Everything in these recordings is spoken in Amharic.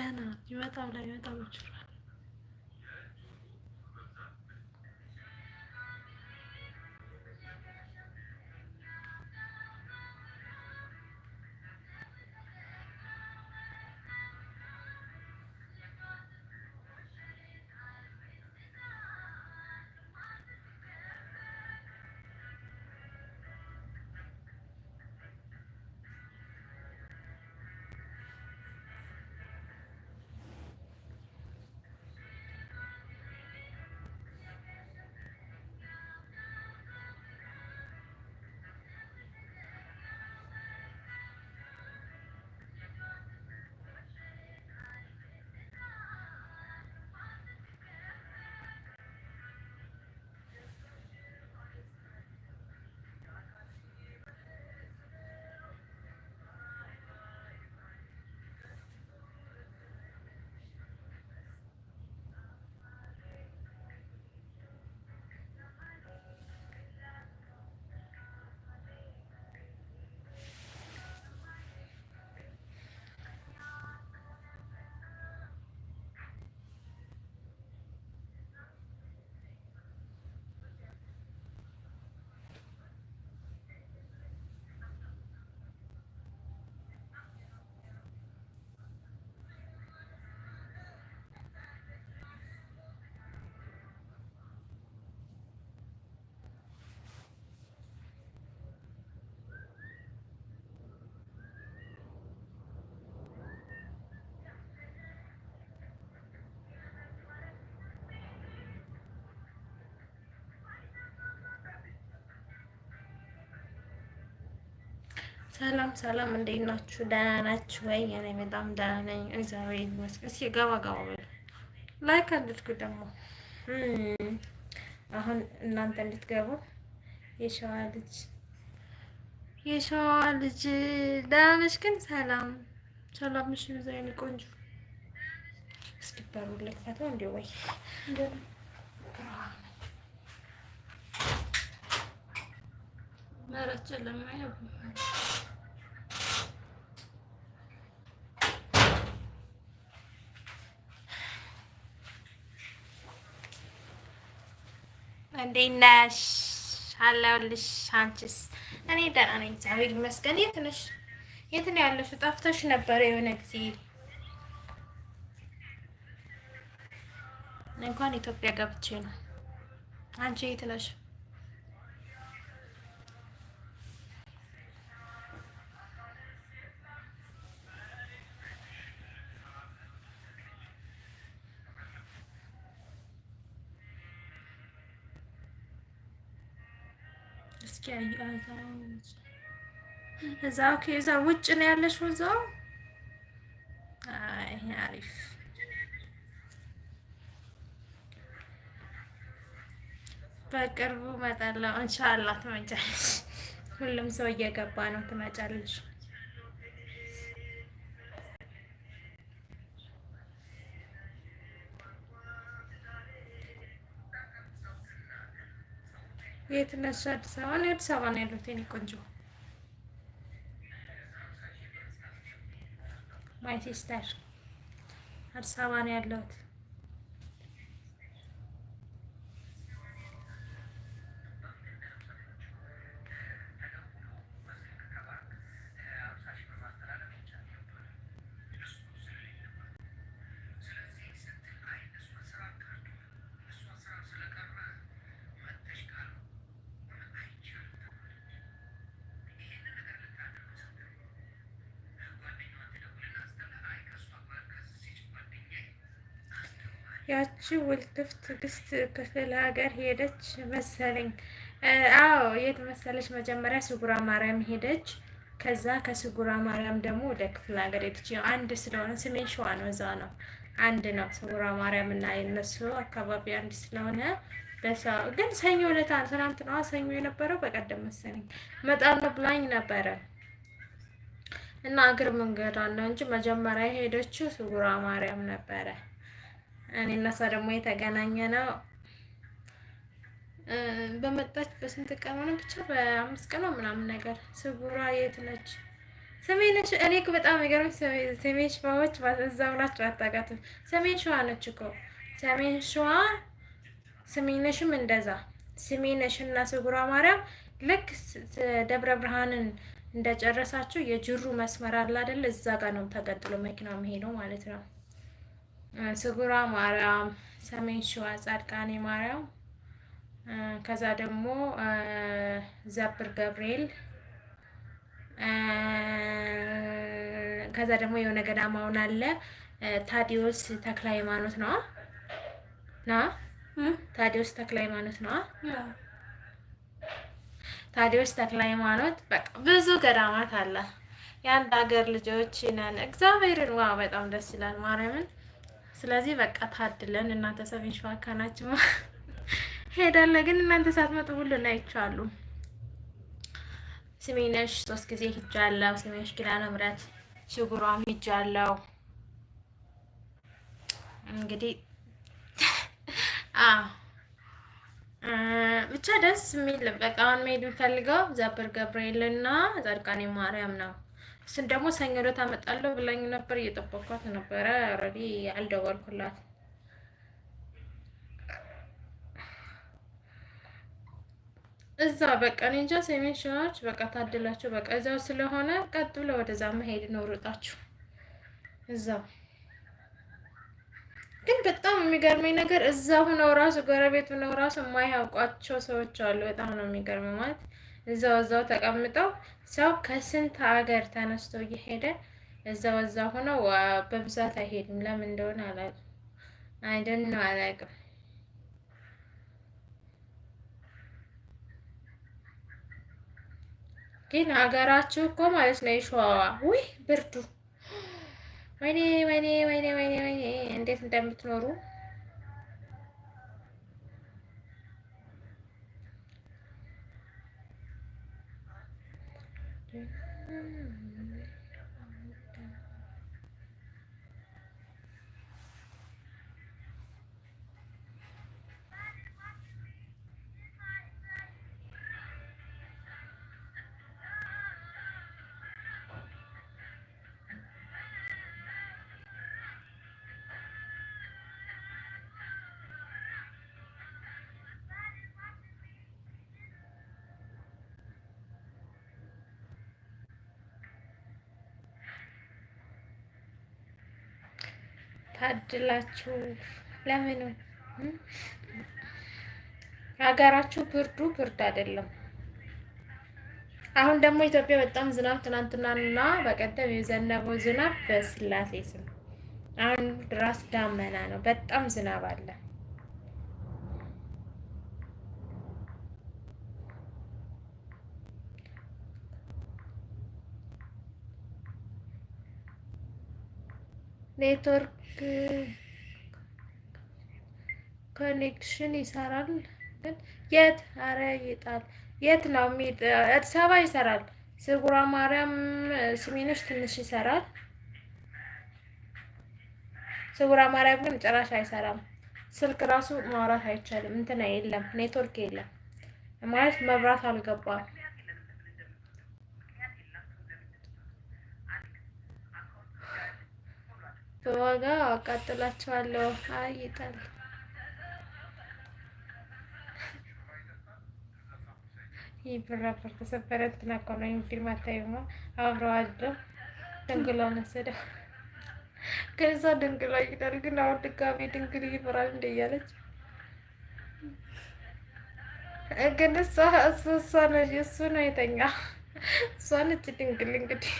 真的，你们到了，你们到了就。ሰላም ሰላም፣ እንዴት ናችሁ? ደህና ናችሁ ወይ? እኔ በጣም ደህና ነኝ፣ እግዚአብሔር ይመስገን። እስኪ ገባ ገባ በሉ ላይክ አድርጉ። ደግሞ አሁን እናንተ እንድትገቡ የሸዋ ልጅ የሸዋ ልጅ ደህና ነሽ? ግን ሰላም ሰላም ነሽ? ዛይን ቆንጆ እስኪ በሩ ልክፈተው እንዲ ወይ መረጨ ለማየ እንዴት ነሽ? አለሁልሽ። አንቺስ? እኔ ደህና ነኝ እግዚአብሔር ይመስገን። የት ነሽ? የት ነው ያለሽው? ጠፍተሽ ነበረ የሆነ ጊዜ። እንኳን ኢትዮጵያ ገብቼ ነው። አንቺ የት ነሽ? እዛ ኦኬ፣ እዛ ውጭ ነው ያለሽው እዛው። አይ አሪፍ። በቅርቡ እመጣለሁ ኢንሻአላህ። ትመጫለሽ። ሁሉም ሰው እየገባ ነው። ትመጫለሽ የት እነሱ አዲስ አበባ ነው አዲስ አበባ ነው ያሉት የእኔ ቆንጆ ማይ ሲስተር አዲስ አበባ ነው ያለሁት ሄደች። ውልትፍ ትዕግስት ክፍል ሀገር ሄደች መሰለኝ። አዎ የት መሰለች? መጀመሪያ ስጉራ ማርያም ሄደች። ከዛ ከስጉራ ማርያም ደግሞ ወደ ክፍል ሀገር ሄደች። አንድ ስለሆነ ስሜን ሸዋ ነው፣ እዛ ነው፣ አንድ ነው። ስጉራ ማርያም እና የነሱ አካባቢ አንድ ስለሆነ በሰው ግን ሰኞ ዕለት ትናንት ነዋ፣ ሰኞ የነበረው በቀደም መሰለኝ እመጣለሁ ብላኝ ነበረ እና እግር መንገዷን ነው እንጂ መጀመሪያ የሄደችው ስጉራ ማርያም ነበረ። እኔ እና እሷ ደግሞ የተገናኘ ነው በመጣች በስንት ቀን ነው? ብቻ በአምስት ቀን ነው ምናምን ነገር ስጉራ የት ነች ሰሜን ነች። እኔ እኮ በጣም የሚገርምሽ ሰሜን ሸዋዎች እዛ ብላችሁ አታውቃትም። ሰሜን ሸዋ ነች እኮ ሰሜን ሸዋ ስሜነሽም እንደዛ እና ስጉራ ማርያም ልክ ደብረ ብርሃንን እንደጨረሳችሁ የጅሩ መስመር አለ አይደል? እዛ ጋር ነው ተቀጥሎ መኪና መሄደው ማለት ነው። ስጉራ ማርያም፣ ሰሜን ሸዋ ጻድቃኔ ማርያም፣ ከዛ ደግሞ ዘብር ገብርኤል፣ ከዛ ደግሞ የሆነ ገዳማውን አለ ታዲዮስ ተክለ ሃይማኖት ነው ና ታዲዮስ ተክለ ሃይማኖት ነው ታዲዮስ ተክለ ሃይማኖት በቃ ብዙ ገዳማት አለ። የአንድ ሀገር ልጆች ነን። እግዚአብሔርን ዋ በጣም ደስ ይላል ማርያምን ስለዚህ በቃ ታድለን እናንተ ሰብ እንሽዋካ ናችሁ ሄዳለ። ግን እናንተ ሳትመጡ ሁሉን አይቻሉ። ስሜነሽ ሶስት ጊዜ ሂጃለው። ስሜነሽ ኪዳነ ምሕረት ሽጉሯም ሂጃለው። እንግዲህ ብቻ ደስ የሚል በቃ አሁን መሄድ የምፈልገው ዘብር ገብርኤልና ጸድቃኔ ማርያም ነው። ስን ደግሞ ሰኞ ዕለት አመጣለሁ ብላኝ ነበር። እየጠበኳት ነበረ። ኦልሬዲ አልደወልኩላት። እዛ በቃ እኔ እንጃ ሰሜን ሸዋዎች በቃ ታድላችሁ። በቃ እዛው ስለሆነ ቀጥ ብለ ወደዛ መሄድ ነው ሩጣችሁ። እዛው ግን በጣም የሚገርመኝ ነገር እዛ ሁነው ራሱ ጎረቤት ሁነው ራሱ የማያውቋቸው ሰዎች አሉ። በጣም ነው የሚገርመው ማለት እዛው እዛው ተቀምጠው ሰው ከስንት ሀገር ተነስቶ እየሄደ እዛው እዛው ሆኖ በብዛት አይሄድም። ለምን እንደሆነ አላውቅም። አይደን ነው አላውቅም። ግን ሀገራችሁ እኮ ማለት ነው የሸዋዋ ውይ ብርዱ ወይኔ ወይኔ ወይኔ ወይኔ ወይኔ እንዴት እንደምትኖሩ ታድላችሁ። ለምኑ ሀገራችሁ ብርዱ ብርድ አይደለም። አሁን ደግሞ ኢትዮጵያ በጣም ዝናብ ትናንትናና በቀደም የዘነበው ዝናብ በስላሴ ስም አሁን ድራስ ዳመና ነው። በጣም ዝናብ አለ። ኔትወርክ ኮኔክሽን ይሰራል ግን የት? አረ ይጣል። የት ላሚ? አዲስ አበባ ይሰራል። ስጉራ ማርያም ስሜንሽ ትንሽ ይሰራል። ስጉራ ማርያም ግን ጭራሽ አይሰራም። ስልክ ራሱ ማውራት አይቻልም። እንትና የለም ኔትወርክ የለም ማለት መብራት አልገባም። በዋጋ አቃጥላቸዋለሁ። አይጣል ይህ ብራበር ተሰበረ እንትና እኮ ነው። ይህም ፊልም አታይማ። አብረው አድረው ድንግሏን ወሰደው። ከዛ ድንግሏ ይሄዳል። ግን አሁን ድጋሜ ድንግል ይበራል እንደ እያለች ግን እሷ እሱ ነው የተኛ እሷ ነች ድንግል እንግዲህ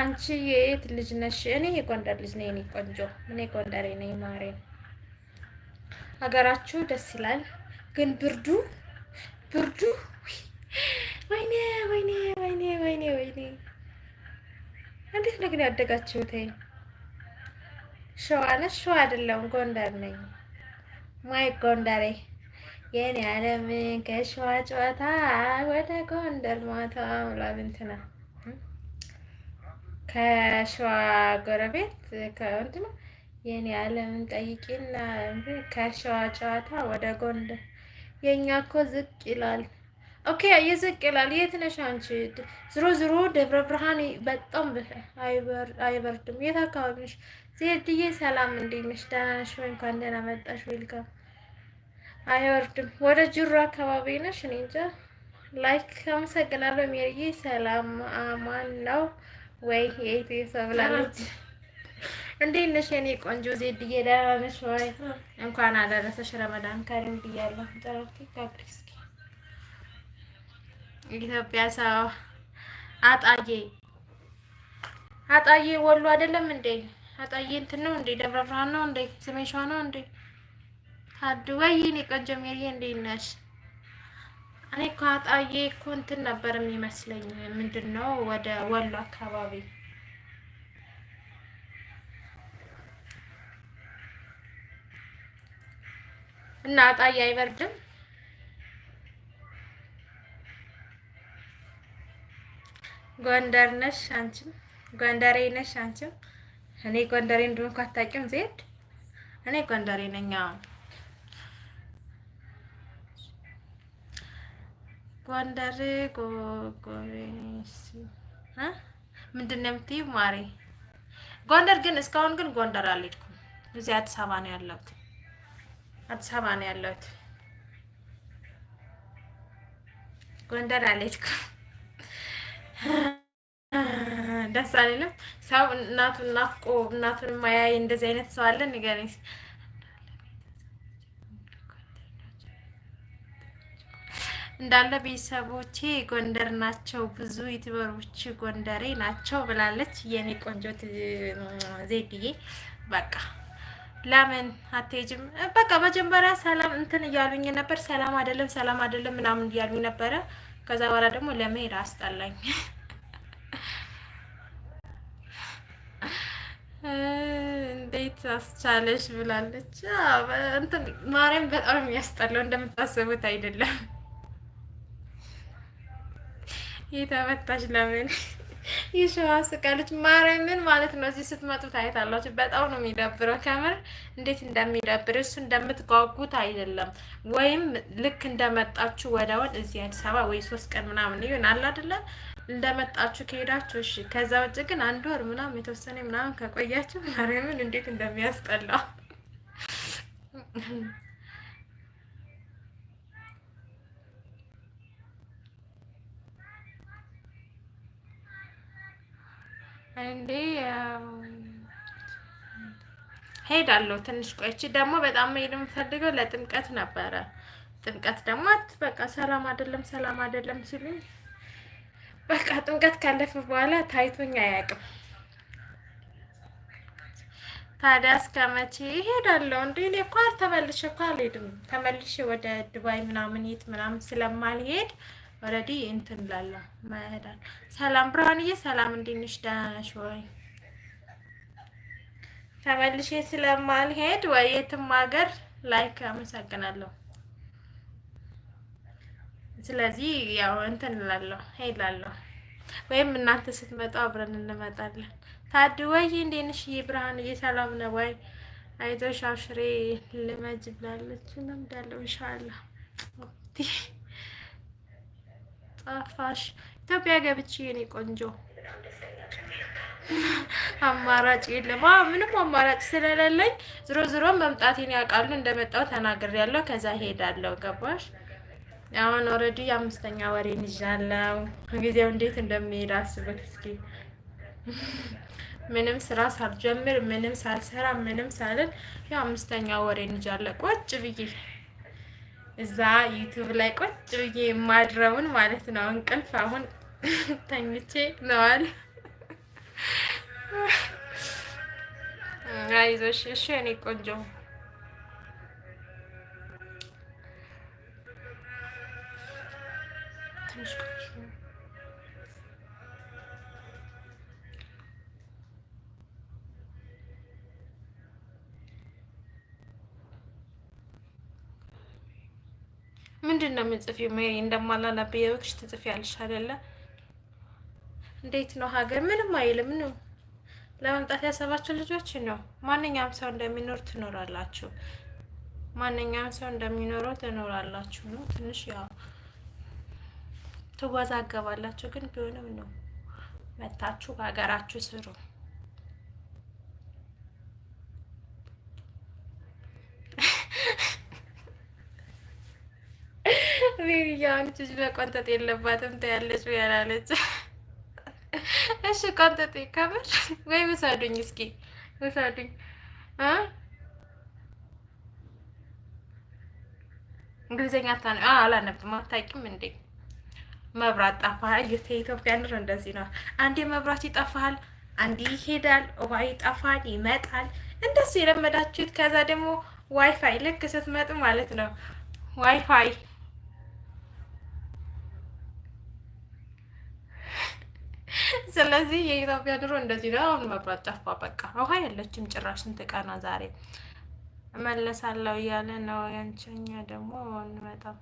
አንቺ የት ልጅ ነሽ? እኔ የጎንደር ልጅ ነኝ። እኔ ቆንጆ እኔ ጎንደሬ ነኝ። ማሬ ሀገራችሁ ደስ ይላል፣ ግን ብርዱ ብርዱ ወይኔ ወይኔ ወይኔ ወይኔ ወይኔ እንዴት ነው ግን ያደጋችሁት? ሸዋ ነሽ? ሸዋ አይደለም ጎንደር ነኝ። ማይ ጎንደሬ የኔ ዓለም ከሸዋ ጨዋታ ወደ ጎንደር ማታ ምላብንትና ከሸዋ ጎረቤት ከወንድ ነው የኔ ዓለምን ጠይቂና ከሸዋ ጨዋታ ወደ ጎንደር የእኛ እኮ ዝቅ ይላል። ኦኬ ዝቅ ይላል። የት ነሽ አንቺ? ዝሮ ዝሮ ደብረ ብርሃን በጣም አይበርድም። የት አካባቢ ነሽ? ዜድዬ ሰላም፣ እንዴት ነሽ? ደህና ነሽ ወይ? እንኳን ደህና መጣሽ። ዌልካም። አይበርድም። ወደ ጅሩ አካባቢ ነሽ? እኔ እንጃ። ላይክ አመሰግናለሁ። ሜሪዬ ሰላም፣ አማን ነው ወይ የኢትዮ ሰብላለች። እንዴት ነሽ የኔ ቆንጆ ዜድዬ? ደህና ነሽ ወይ? እንኳን አደረሰሽ ረመዳን ከሪም ብያለሁ። ጠራፊ ካፕሪስኪ ኢትዮጵያ ሰው አጣዬ አጣዬ ወሎ አይደለም እንዴ? አጣዬ እንትን ነው እንዴ? ደብረ ብርሃን ነው እንዴ? ስሜ ነው እንዴ? ሀዱ ወይ የኔ ቆንጆ ሜሪዬ እንዴት ነሽ? እኔ እኮ አጣዬ እኮ እንትን ነበር የሚመስለኝ። ምንድን ነው ወደ ወሎ አካባቢ እና አጣዬ አይበርድም። ጎንደር ነሽ አንቺም፣ ጎንደሬ ነሽ አንቺም። እኔ ጎንደሬ እንደሆንኩ አታውቂም ዜድ። እኔ ጎንደሬ ነኝ። ጎንደር ጎጎቤስ ምንድን ነው የምትይው ማሬ? ጎንደር ግን እስካሁን ግን ጎንደር አልሄድኩም። እዚህ አዲስ አበባ ነው ያለሁት። አዲስ አበባ ነው ያለሁት። ጎንደር አልሄድኩም። ደስ አልልም። ሰው እናቱን ናፍቆ እናቱን ማያይ እንደዚህ አይነት ሰው አለ ንገረኝ። እንዳለ ቤተሰቦቼ ጎንደር ናቸው፣ ብዙ ዩቲዩበሮች ጎንደሬ ናቸው ብላለች የኔ ቆንጆ ዜድዬ። በቃ ለምን አትሄጂም? በቃ መጀመሪያ ሰላም እንትን እያሉኝ ነበር። ሰላም አይደለም ሰላም አይደለም ምናምን እያሉኝ ነበረ። ከዛ በኋላ ደግሞ ለመሄድ አስጠላኝ። እንዴት አስቻለሽ ብላለች። እንትን ማርያም በጣም የሚያስጠላው እንደምታስቡት አይደለም። የተመታች ለምን የሸዋ ስቃለች ማርያምን ማለት ነው። እዚህ ስትመጡ ታይታላችሁ። በጣም ነው የሚዳብረው። ከምር እንዴት እንደሚዳብር እሱ እንደምትጓጉት አይደለም። ወይም ልክ እንደመጣችሁ ወደውን እዚህ አዲስ አበባ ወይ ሶስት ቀን ምናምን ይሆን አለ አይደለም እንደመጣችሁ ከሄዳችሁ እሺ። ከዛ ውጭ ግን አንድ ወር ምናምን የተወሰነ ምናምን ከቆያችሁ ማርያምን እንዴት እንደሚያስጠላው እንዴ ሄዳለሁ። ትንሽ ቆይቼ ደግሞ በጣም መሄድ የምፈልገው ለጥምቀት ነበረ። ጥምቀት ደግሞ በቃ ሰላም አይደለም ሰላም አይደለም ሲሉኝ በቃ ጥምቀት ካለፈ በኋላ ታይቶኝ አያውቅም። ታዲያ እስከ መቼ ይሄዳለሁ? እንዴ እኔ እኮ አልተመልሼ እኮ አልሄድም። ተመልሼ ወደ ዱባይ ምናምን የት ምናምን ስለማልሄድ ኦልሬዲ እንትን ላለ መሄዳል። ሰላም ብርሃንዬ፣ ሰላም እንዴት ነሽ? ደህና ነሽ ወይ? ተመልሼ ስለማልሄድ ወይ የትም ሀገር ላይክ አመሰግናለሁ። ስለዚህ ያው እንትን እላለሁ ሄላለሁ፣ ወይም እናንተ ስትመጡ አብረን እንመጣለን። ታድ ወይ እንዴት ነሽ? ብርሃንዬ፣ ሰላም ነው ወይ? አይዞሽ አብሽሬ ልመጅ ብላለች። እንምዳለሁ ኢንሻአላህ ጣፋሽ ኢትዮጵያ ገብቼ የኔ ቆንጆ አማራጭ የለም። ምንም አማራጭ ስለሌለኝ ዝሮ ዝሮም መምጣቴን ያውቃሉ። እንደመጣው ተናግር ያለው ከዛ ሄዳለው። ገባሽ? አሁን ኦልሬዲ የአምስተኛ ወሬን ይዣለሁ። ጊዜው እንዴት እንደሚሄድ አስበት እስኪ። ምንም ስራ ሳልጀምር፣ ምንም ሳልሰራ፣ ምንም ሳልን የአምስተኛ ወሬን ይዣለሁ ቁጭ ብዬ እዛ ዩቲዩብ ላይ ቁጭ ብዬ የማድረውን ማለት ነው። እንቅልፍ አሁን ተኝቼ ነዋል። አይዞሽ፣ እሺ እኔ ቆንጆ ትንሽ ምንድን ነው የምንጽፊው? እንደማላላብ የወቅሽ ትጽፊ ያልሽ አይደለ? እንዴት ነው ሀገር ምንም አይልም ነው ለመምጣት ያሰባችሁ ልጆች ነው። ማንኛውም ሰው እንደሚኖር ትኖራላችሁ። ማንኛውም ሰው እንደሚኖረው ትኖራላችሁ ነው። ትንሽ ያው ትወዛገባላችሁ፣ ግን ቢሆንም ነው መታችሁ በሀገራችሁ ስሩ። ሜሪያንች እጅ በቆንጠጥ የለባትም ታያለች ያላለች። እሺ ቆንጠጤ ከምር ወይ ውሰዱኝ፣ እስኪ ውሰዱኝ። እንግሊዝኛ ታነ አላነብም አታውቂም እንዴ? መብራት ጠፋል። የኢትዮጵያ ኑሮ እንደዚህ ነው። አንዴ መብራት ይጠፋል፣ አንዴ ይሄዳል፣ ውሃ ይጠፋል፣ ይመጣል። እንደሱ የለመዳችሁት። ከዛ ደግሞ ዋይፋይ ልክ ስትመጡ ማለት ነው ዋይፋይ ስለዚህ የኢትዮጵያ ድሮ እንደዚህ ነው። አሁን መብራት ጠፋ፣ በቃ ውሃ የለችም ጭራሽ ስንት ቀና ዛሬ እመለሳለሁ እያለ ነው። ያንቺኛ ደግሞ አንመጣም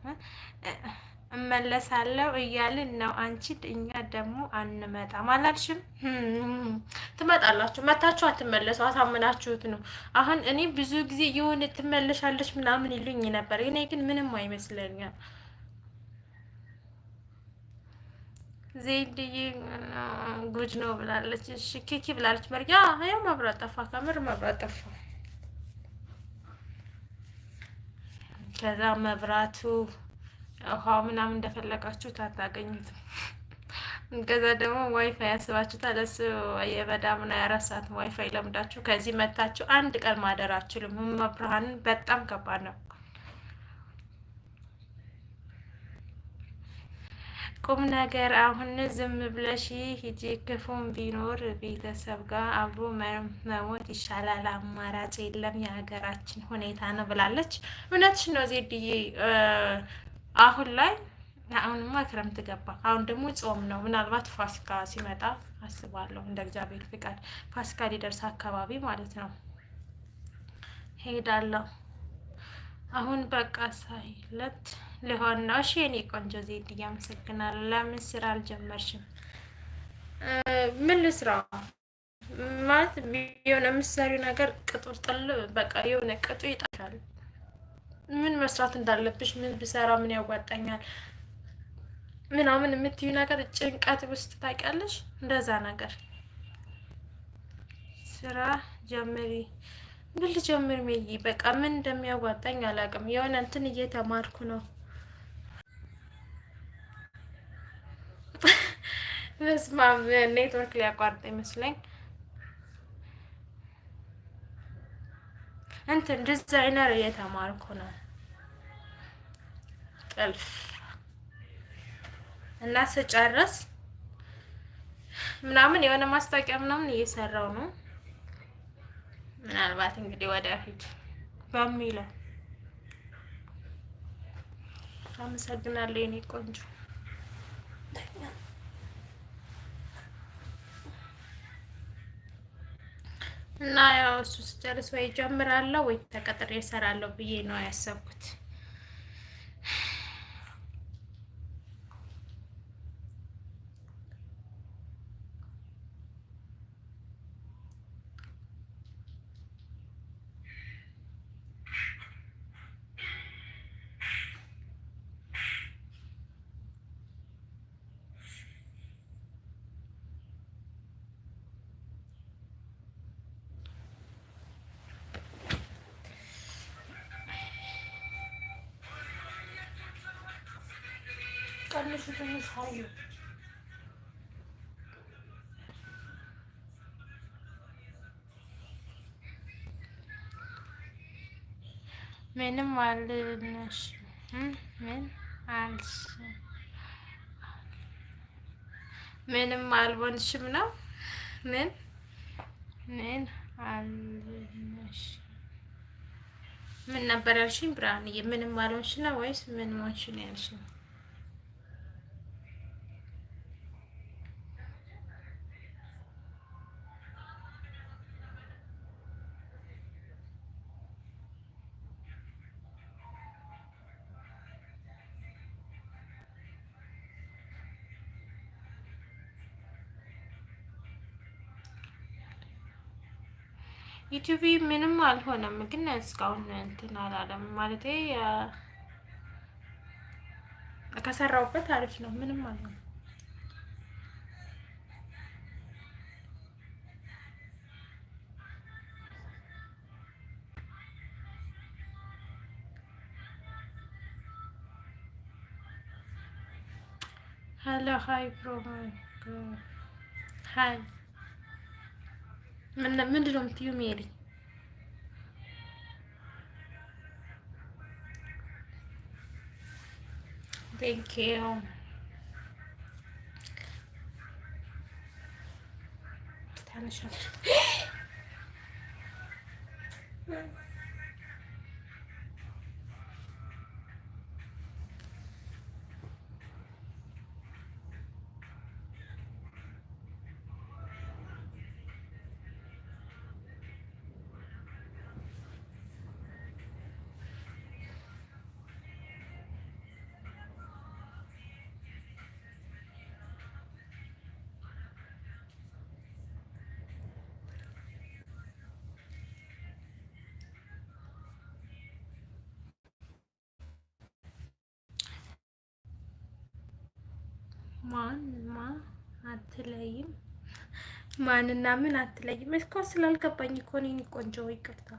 እመለሳለሁ እያልን ነው። አንቺ እኛ ደግሞ አንመጣም አላልሽም? ትመጣላችሁ። መታችሁ አትመለሱ፣ አሳምናችሁት ነው። አሁን እኔ ብዙ ጊዜ የሆነ ትመለሻለች ምናምን ይሉኝ ነበር። እኔ ግን ምንም አይመስለኛል። ዜድዬ ጉድ ነው ብላለች። እሺ ኪኪ ብላለች። መርያ ያው መብራት ጠፋ፣ ከምር መብራት ጠፋ። ከዛ መብራቱ ውሃው ምናምን እንደፈለጋችሁት አታገኙትም። ከዛ ደግሞ ዋይፋይ ያስባችሁታል። እሱ የመዳምና የአራት ሰዓት ዋይፋይ ለምዳችሁ ከዚህ መታችሁ አንድ ቀን ማደር አችሉም። መብርሃንን በጣም ከባድ ነው። ቁም ነገር አሁን ዝም ብለሽ ሂጂ። ክፉም ቢኖር ቤተሰብ ጋር አብሮ መሞት ይሻላል፣ አማራጭ የለም። የሀገራችን ሁኔታ ነው ብላለች። እውነትሽ ነው ዜድዬ። አሁን ላይ አሁንማ ክረምት ገባ። አሁን ደግሞ ጾም ነው። ምናልባት ፋሲካ ሲመጣ አስባለሁ፣ እንደ እግዚአብሔር ፍቃድ ፋሲካ ሊደርስ አካባቢ ማለት ነው ሄዳለሁ አሁን በቃ ሳይለት ለሆን ነው። እሺ የኔ ቆንጆ ዜድ እያመሰግናለሁ። ለምን ስራ አልጀመርሽም? ምን ልስራ ማለት የሆነ የምትሰሪው ነገር ቅጡር ጥል በቃ የሆነ ቅጡ ይጠፋል። ምን መስራት እንዳለብሽ ምን ብሰራ ምን ያዋጣኛል ምናምን የምትዩ ነገር ጭንቀት ውስጥ ታውቂያለሽ። እንደዛ ነገር ስራ ጀምሪ ምን ልጀምር ሜይ በቃ ምን እንደሚያዋጣኝ አላውቅም። የሆነ እንትን እየተማርኩ ነው። በስመ አብ ኔትወርክ ሊያቋርጥ ይመስለኝ እንትን ዲዛይነር እየተማርኩ ነው ጥልፍ እና ስጨርስ ምናምን የሆነ ማስታወቂያ ምናምን እየሰራው ነው ምናልባት እንግዲህ ወደፊት በሚለው አመሰግናለሁ የኔ ቆንጆ። እና ያው እሱ ስጨርስ ወይ ጀምራለሁ ወይ ተቀጥሬ እሰራለሁ ብዬ ነው ያሰብኩት። ትንሹ ትንሽ ሀይሉ ምንም አልነሽ ምን አልሽ? ምንም አልሆንሽም ነው። ምን ምን አልነሽ? ምን ነበር ያልሽኝ ብርሃንዬ? ምንም አልሆንሽ ነው ወይስ ምን ሆንሽ ነው ያልሽኝ? ዩቲዩብ ምንም አልሆነም፣ ግን እስካሁን እንትን አላለም። ማለቴ ከሰራውበት አሪፍ ነው፣ ምንም አልሆነም። ሀሎ ሀይ ፕሮ ሃይ ምንድን ነው የምትይው ሜሪ? ቴንክ ዩ ታነሻለሽ ማን አትለይም ማንና ምን አትለይም። እስካሁን ስላልገባኝ እኮ ነው ቆንጆ፣ ይቅርታ።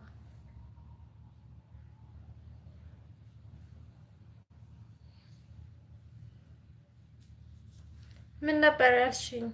ምን ነበር ያልሽኝ?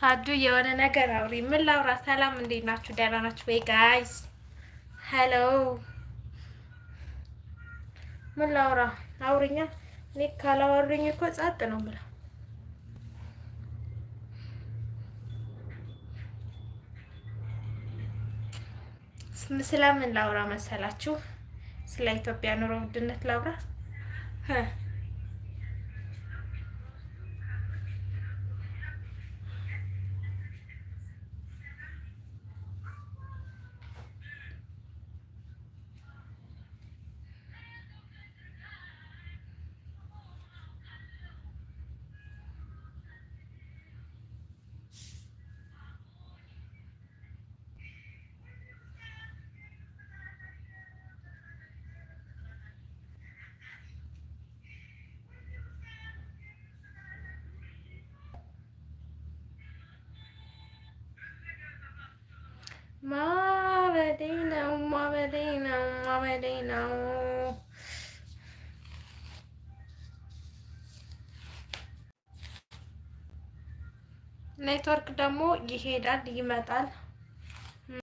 ታዱ የሆነ ነገር አውሪ። ምን ላውራ? ሰላም እንዴት ናችሁ? ደህና ናችሁ ወይ ጋይስ? ሄሎ ምን ላውራ? አውሪኛ። እኔ ካላወሩኝ እኮ ጸጥ ነው ምላ ስለምን ላውራ መሰላችሁ? ስለ ኢትዮጵያ ኑሮ ውድነት ላውራ ማበዴ ነው ማበዴ ነው ማበዴ ነው። ኔትወርክ ደግሞ ይሄዳል ይመጣል።